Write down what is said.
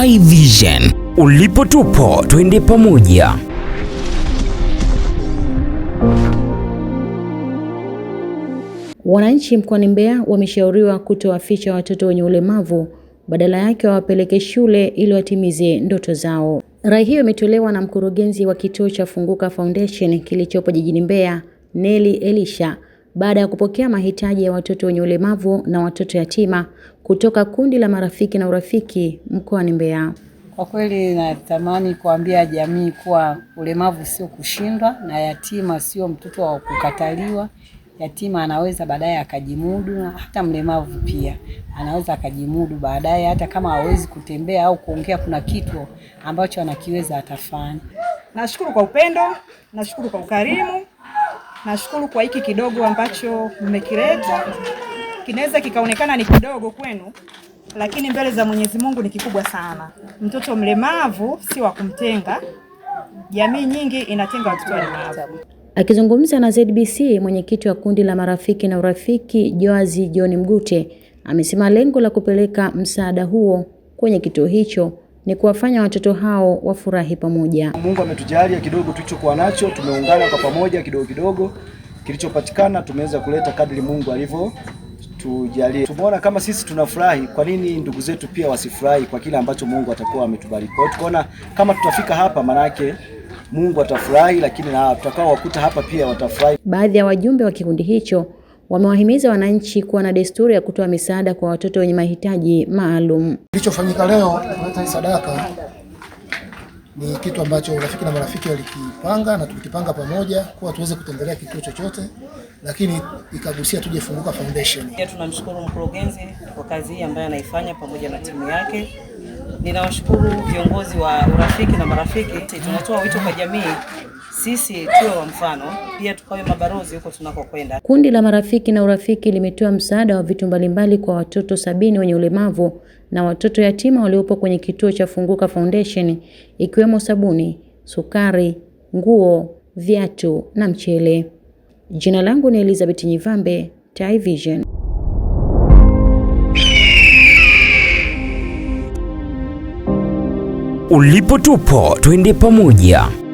Sky Vision. Ulipo tupo, twende pamoja. Wananchi mkoani Mbeya wameshauriwa kutowaficha watoto wenye ulemavu, badala yake wawapeleke shule ili watimize ndoto zao. Rai hiyo imetolewa na mkurugenzi wa kituo cha Funguka Foundation kilichopo jijini Mbeya, Neli Elisha baada ya kupokea mahitaji ya watoto wenye ulemavu na watoto yatima kutoka kundi la Marafiki na Urafiki mkoani Mbeya. Kwa kweli natamani kuambia jamii kuwa ulemavu sio kushindwa, na yatima sio mtoto wa kukataliwa. Yatima anaweza baadaye akajimudu, na hata mlemavu pia anaweza akajimudu baadaye. Hata kama hawezi kutembea au kuongea, kuna kitu ambacho anakiweza atafanya. Nashukuru kwa upendo, nashukuru kwa ukarimu, Nashukuru kwa hiki kidogo ambacho mmekileta, kinaweza kikaonekana ni kidogo kwenu, lakini mbele za Mwenyezi Mungu ni kikubwa sana. Mtoto mlemavu si wa kumtenga, jamii nyingi inatenga watoto walemavu. Akizungumza na ZBC, mwenyekiti wa kundi la marafiki na urafiki Joazi John Mgute amesema lengo la kupeleka msaada huo kwenye kituo hicho ni kuwafanya watoto hao wafurahi pamoja. Mungu ametujalia kidogo tulichokuwa nacho, tumeungana kwa pamoja kidogo kidogo, kilichopatikana tumeweza kuleta kadri Mungu alivyo tujalie. Tumeona kama sisi tunafurahi, kwa nini ndugu zetu pia wasifurahi kwa kile ambacho Mungu atakuwa ametubariki? Kwa hiyo tukaona kama tutafika hapa, manake Mungu atafurahi, lakini na tutakao wakuta hapa pia watafurahi. Baadhi ya wajumbe wa kikundi hicho wamewahimiza wananchi kuwa na desturi ya kutoa misaada kwa watoto wenye mahitaji maalum. Kilichofanyika leo kuleta sadaka ni kitu ambacho rafiki na marafiki walikipanga na tulikipanga pamoja kuwa tuweze kutembelea kituo chochote, lakini ikagusia tuje Funguka Foundation. Tunamshukuru mkurugenzi kwa kazi hii ambayo anaifanya pamoja na timu yake. Ninawashukuru viongozi wa urafiki na marafiki. Tunatoa wito kwa jamii sisi tuwe wa mfano pia tukawe mabarozi huko tunakokwenda. Kundi la Marafiki na Urafiki limetoa msaada wa vitu mbalimbali kwa watoto sabini wenye ulemavu na watoto yatima waliopo kwenye kituo cha Funguka Foundation ikiwemo sabuni, sukari, nguo, viatu na mchele. Jina langu ni Elizabeth Nyivambe, Tai Vision. Ulipo tupo, twende pamoja.